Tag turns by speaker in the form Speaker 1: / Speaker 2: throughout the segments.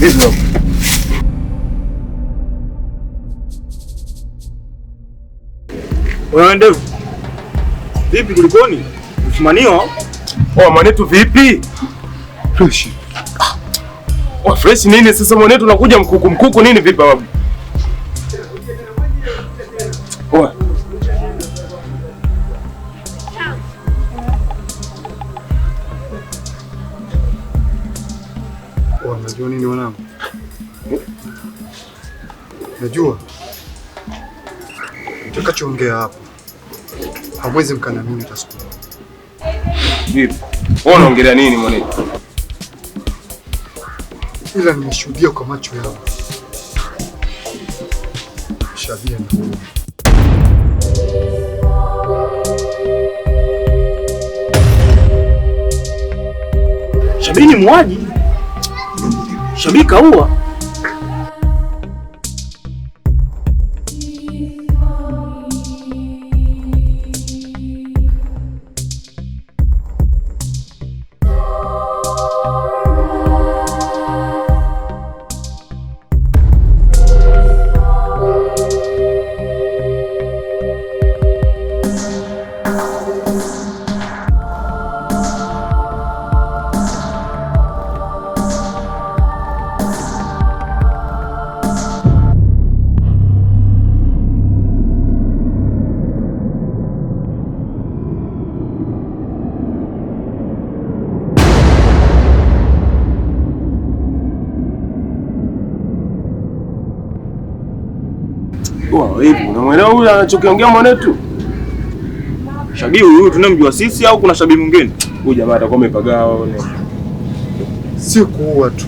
Speaker 1: hivyo. Wewe ndevu vipi? Kulikoni mfumanio? Oh, mwanetu vipi? Fresh. Ah. Oh, fresh nini sasa mwanetu, nakuja mkuku mkuku nini vipi babu? mwanangu, najua mtakachoongea hapo hamwezi mkanamini. Utasukuma vipi? Wewe unaongelea nini mwane Ila nimeshuhudia kwa macho yangu shabia ni muaji 小咪搞我。poa. Hivi unamwelewa huyu anachokiongea mwanetu? Shabii huyu tunamjua sisi au kuna shabii mwingine? Huyu jamaa atakuwa amepagawa. Si kuua tu.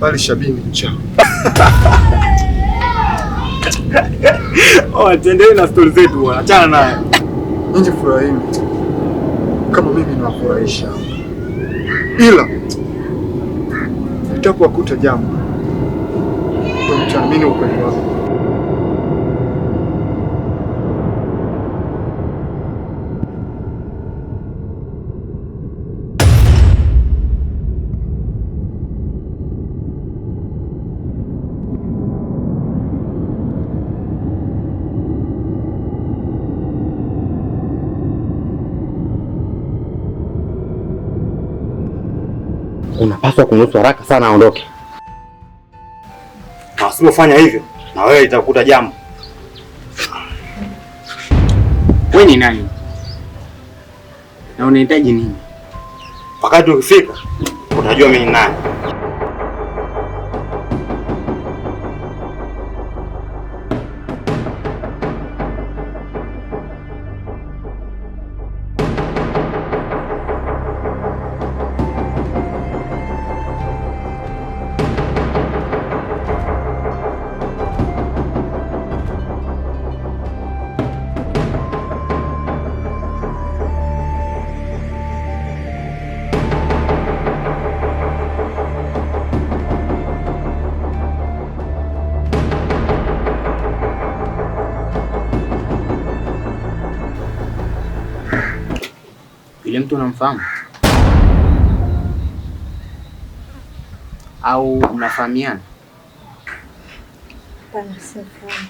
Speaker 1: Bali shabii ni mchao. Oh, tuendelee na stori zetu, achana naye. Ninyi furahini kama mimi nawafurahisha, ila nitakuwakuta jambo niamini ukweli wako. Unapaswa kunusu haraka sana aondoke usipofanya hivyo na wewe itakuta jambo. Wewe ni nani na unahitaji nini? Wakati ukifika utajua mimi ni nani. Yule mtu unamfahamu au mnafahamiana?
Speaker 2: Pana, sifahamu.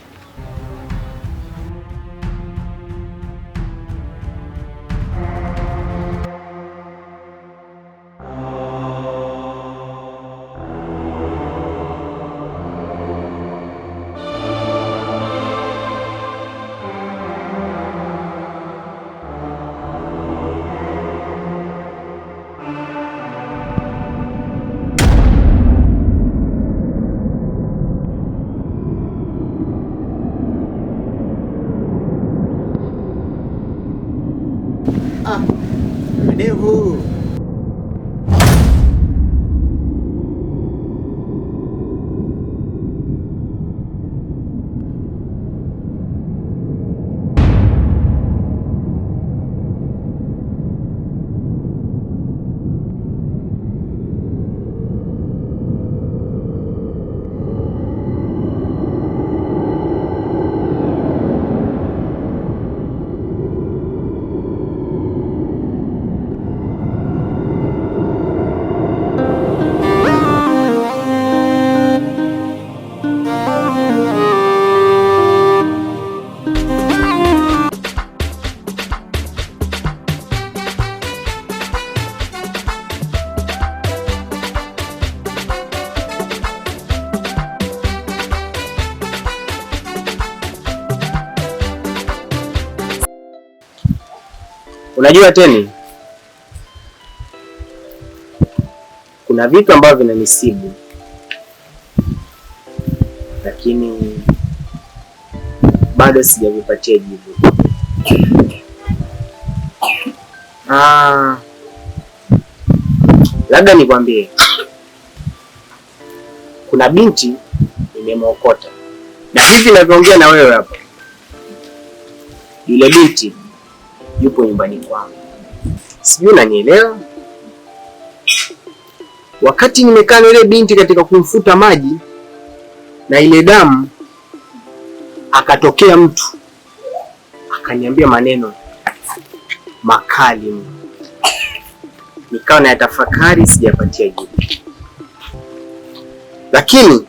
Speaker 1: Unajua Teni, kuna vitu ambavyo vinanisibu, lakini bado sijavipatia jibu. Ah, labda nikwambie, kuna binti nimemwokota, na hivi navyoongea na wewe hapa, yule binti yupo nyumbani kwangu, sijui unanielewa. Wakati nimekaa na ile binti katika kumfuta maji na ile damu, akatokea mtu akaniambia maneno makali mno, nikawa na tafakari, sijapatia jibu, lakini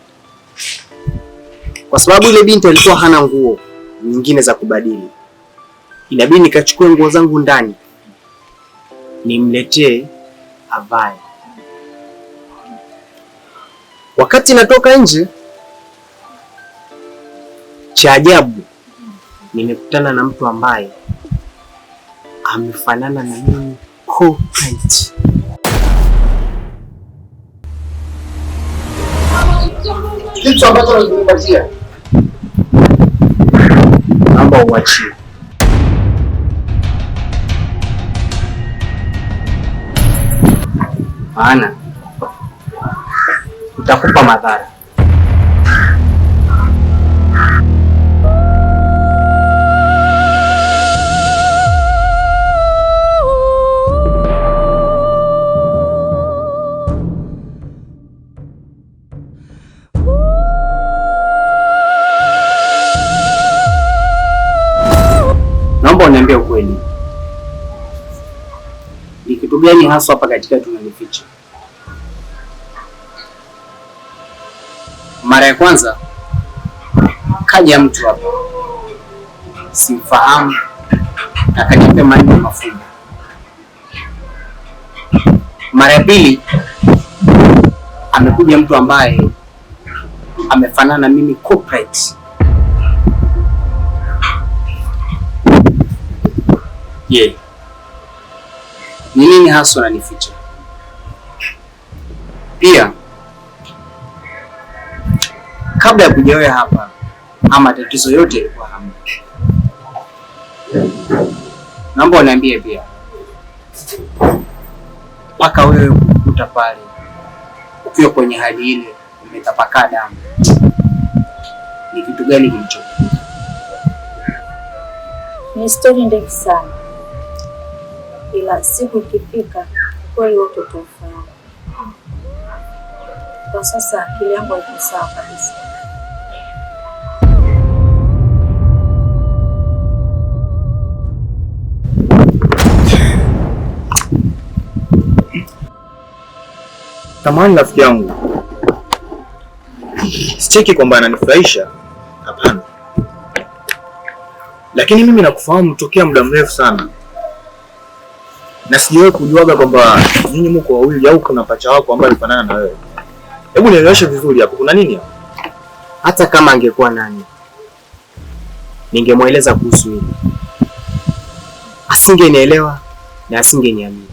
Speaker 1: kwa sababu ile binti alikuwa hana nguo nyingine za kubadili inabidi nikachukue nguo zangu ndani nimletee avae. Wakati natoka nje, cha ajabu nimekutana na mtu ambaye amefanana na mimi copyright. Kitu ambacho nazungumzia, naomba uachie. maana utakupa madhara. Naomba uniambie ukweli kitu gani hasa hapa katikati unanificha? Mara ya kwanza kaja mtu hapa simfahamu, akanipa maneno mafupi. Mara ya pili amekuja mtu ambaye amefanana na mimi corporate. Yeah ni nini hasa unanificha? Pia kabla ya kuja wewe hapa, ama tatizo yote ilikuwa hamna. Naomba uniambie pia mpaka wewe kukuta pale ukiwa kwenye hali ile umetapakaa damu, ni kitu gani kilicho?
Speaker 2: Ni stori ndefu sana na siku ikifika kweli wote utafahamu. Kwa sasa akili yangu haiko sawa kabisa.
Speaker 1: Tamani rafiki yangu, sicheki kwamba ananifurahisha, hapana, lakini mimi nakufahamu tokea muda mrefu sana na sijawahi kujuaga kwamba nyinyi mko wawili au kuna pacha wako ambaye alifanana na wewe. Hebu nieleweshe vizuri hapo, kuna nini hapo? Hata kama angekuwa nani, ningemweleza kuhusu hili, asingenielewa na asingeniamini.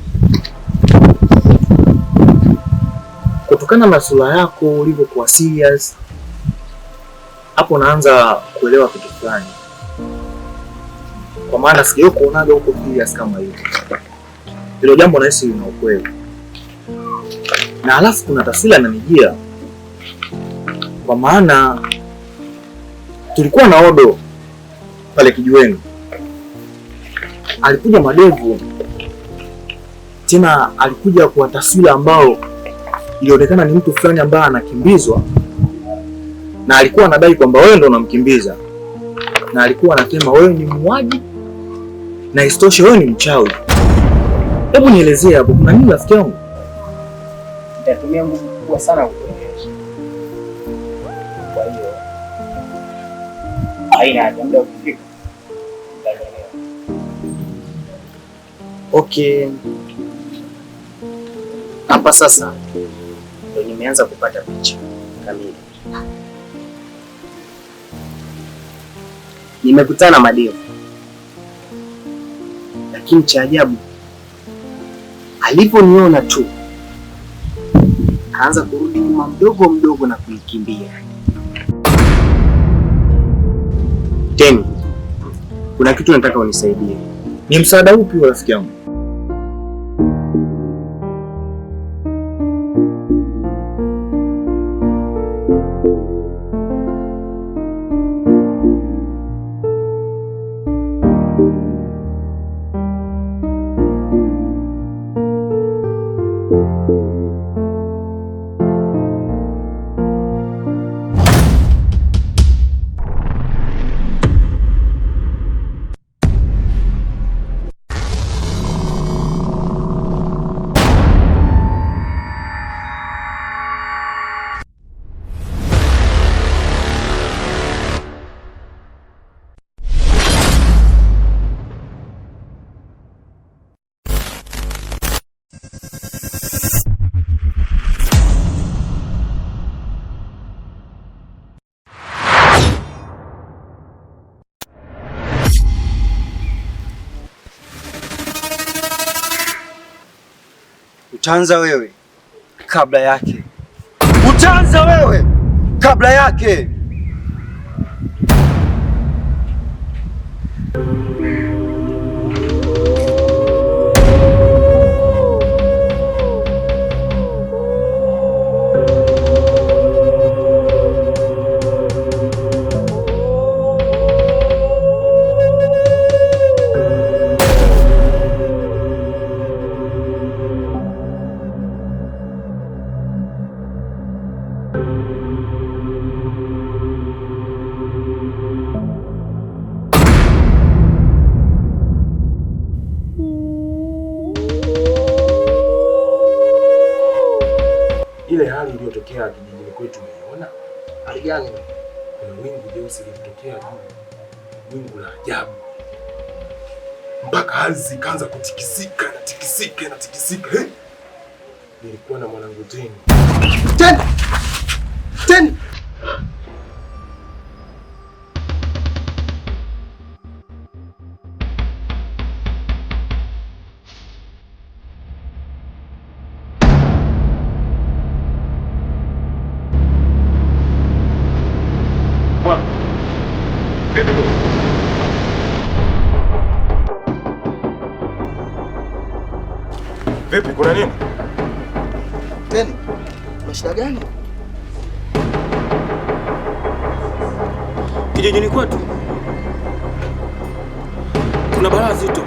Speaker 1: Kutokana na sura yako ulivyokuwa serious, hapo naanza kuelewa kitu fulani, kwa maana sijawahi kuonaga huko serious kama hiyo hilo jambo nahisi lina ukweli, na alafu kuna taswira nanijia, kwa maana tulikuwa na odo pale kijiweni, alikuja madevu tena, alikuja kwa taswira ambao ilionekana ni mtu fulani ambaye anakimbizwa, na alikuwa anadai kwamba wewe ndo unamkimbiza, na alikuwa anasema wewe ni muuaji na isitoshe wewe ni mchawi. Hebu nielezee hapo kuna nini rafiki yangu? Nitatumia nguvu kubwa sana kukueleza. Kwa hiyo haina haja, muda ukifika. Okay. Hapa sasa ndio nimeanza kupata picha kamili. Nimekutana na lakini cha ajabu Aliponiona tu kaanza kurudi nyuma mdogo mdogo na kuikimbia. Teni, kuna kitu nataka unisaidie. Ni msaada upi rafiki yangu? thank you Utaanza wewe kabla yake, utaanza wewe kabla yake. umeona? Hali gani? Kuna wingu jeusi lilitokea juu, wingu la ajabu, mpaka ardhi ikaanza kutikisika na tikisika na tikisika. Nilikuwa na mwanangu tena tena Vipi, kuna nini? tena? kuna shida gani? Kijijini kwetu kuna balaa zito.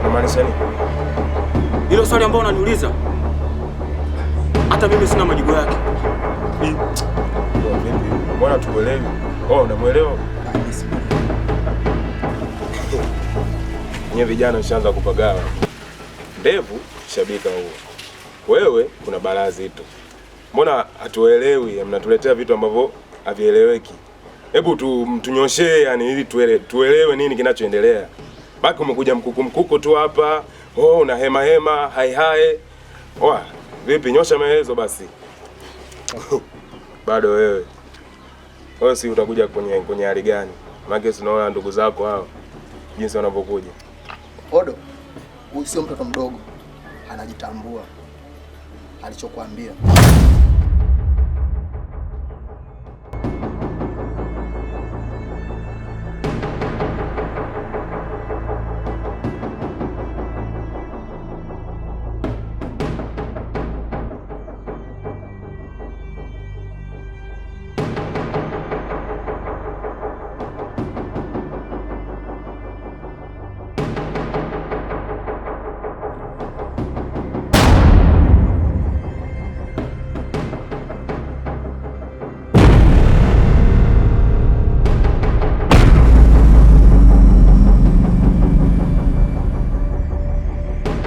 Speaker 1: Unamaanisha Hilo swali ambao unaniuliza hata mimi sina majibu yake. Mbona tuelewi? Oh, unamwelewa? Nye vijana mshaanza kupagawa. Ndevu shabika huo. Wewe kuna balaa zito. Mbona hatuelewi? Mnatuletea vitu ambavyo havieleweki. Hebu tumtunyoshee yani, ili tuele, tuelewe nini kinachoendelea. Baki umekuja mkuku mkuku tu hapa. Oh, una hema hema, hai hai. Oa, vipi nyosha maelezo basi. Bado wewe. Wewe si utakuja kwenye kwenye hali gani? Maana tunaona ndugu zako hao jinsi wanavyokuja. Odo, huyu sio mtoto mdogo. Anajitambua. Alichokuambia.